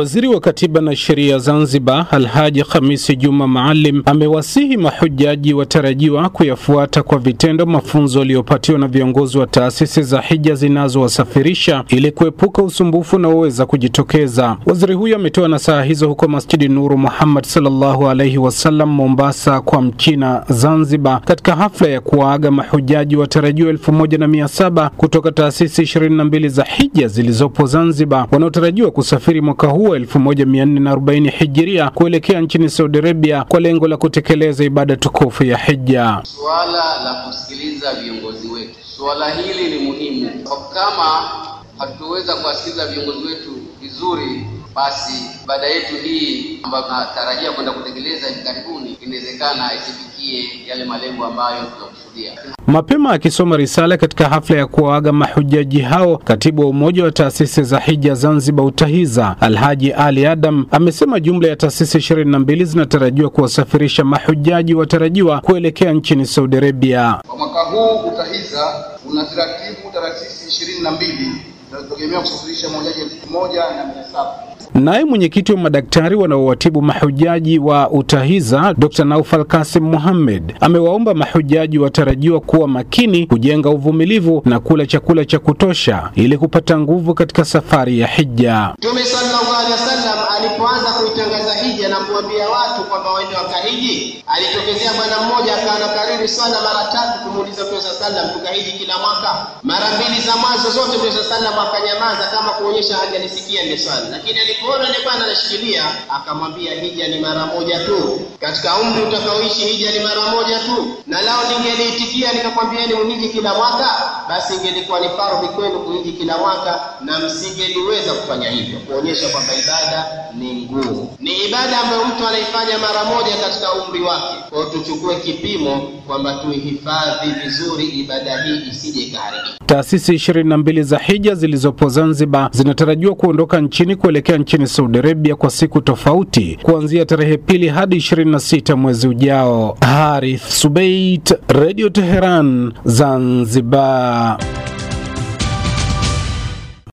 Waziri wa Katiba na Sheria Zanzibar, Alhaji khamisi Juma Maalim, amewasihi mahujaji watarajiwa kuyafuata kwa vitendo mafunzo waliopatiwa na viongozi wa taasisi za hija zinazowasafirisha ili kuepuka usumbufu unaoweza kujitokeza. Waziri huyo ametoa nasaha hizo huko Masjidi Nuru Muhammad sallallahu alaihi wasallam Mombasa kwa mchina Zanzibar, katika hafla ya kuwaaga mahujaji watarajiwa elfu moja na mia saba kutoka taasisi ishirini na mbili za hija zilizopo Zanzibar wanaotarajiwa kusafiri mwaka huu wa 1440 Hijiria kuelekea nchini Saudi Arabia kwa lengo la kutekeleza ibada tukufu ya Hija. Suala la kusikiliza viongozi wetu, suala hili ni muhimu, kwa kama hatuweza kuwasikiliza viongozi wetu vizuri basi ibada yetu hii ambayo tunatarajia kwenda kutekeleza hivi karibuni inawezekana tufikie yale malengo ambayo tunakusudia. Mapema akisoma risala katika hafla ya kuwaaga mahujaji hao, katibu wa Umoja wa Taasisi za Hija Zanzibar UTAHIZA Alhaji Ali Adam amesema jumla ya taasisi ishirini na mbili zinatarajiwa kuwasafirisha mahujaji watarajiwa kuelekea nchini Saudi Arabia. Kwa mwaka huu UTAHIZA taratibu taasisi ishirini na mbili tunategemea kusafirisha mahujaji elfu moja na mia saba. Naye mwenyekiti wa madaktari wanaowatibu mahujaji wa UTAHIZA Dr. Naufal Kasim muhammed amewaomba mahujaji watarajiwa kuwa makini, kujenga uvumilivu na kula chakula cha kutosha ili kupata nguvu katika safari ya hija. Mtume sallallahu alaihi wasallam alipoanza akahiji, anamwambia watu kwamba waende wakahiji. Alitokezea bwana mmoja akawa anakariri swala mara tatu kumuuliza Mtume swalla sallam, tukahiji kila mwaka? Mara mbili za mwanzo zote Mtume swalla sallam akanyamaza, kama kuonyesha hajalisikia ile swali, lakini alipoona ile bwana anashikilia, akamwambia hija ni mara moja tu katika umri utakaoishi, hija ni mara moja tu, na lao ningeliitikia nikakwambia ni yaani uniji kila mwaka, basi ingelikuwa ni faradhi kwenu kuhiji kila mwaka, na msingeliweza kufanya hivyo, kuonyesha kwamba ibada ni ngumu ni ibada ambayo mtu anaifanya mara moja katika umri wake. Kwao tuchukue kipimo kwamba tuihifadhi vizuri ibada hii isije ikaharibika. Taasisi ishirini na mbili za hija zilizopo Zanzibar zinatarajiwa kuondoka nchini kuelekea nchini Saudi Arabia kwa siku tofauti kuanzia tarehe pili hadi 26 mwezi ujao. Harith Subait, Radio Teheran, Zanzibar.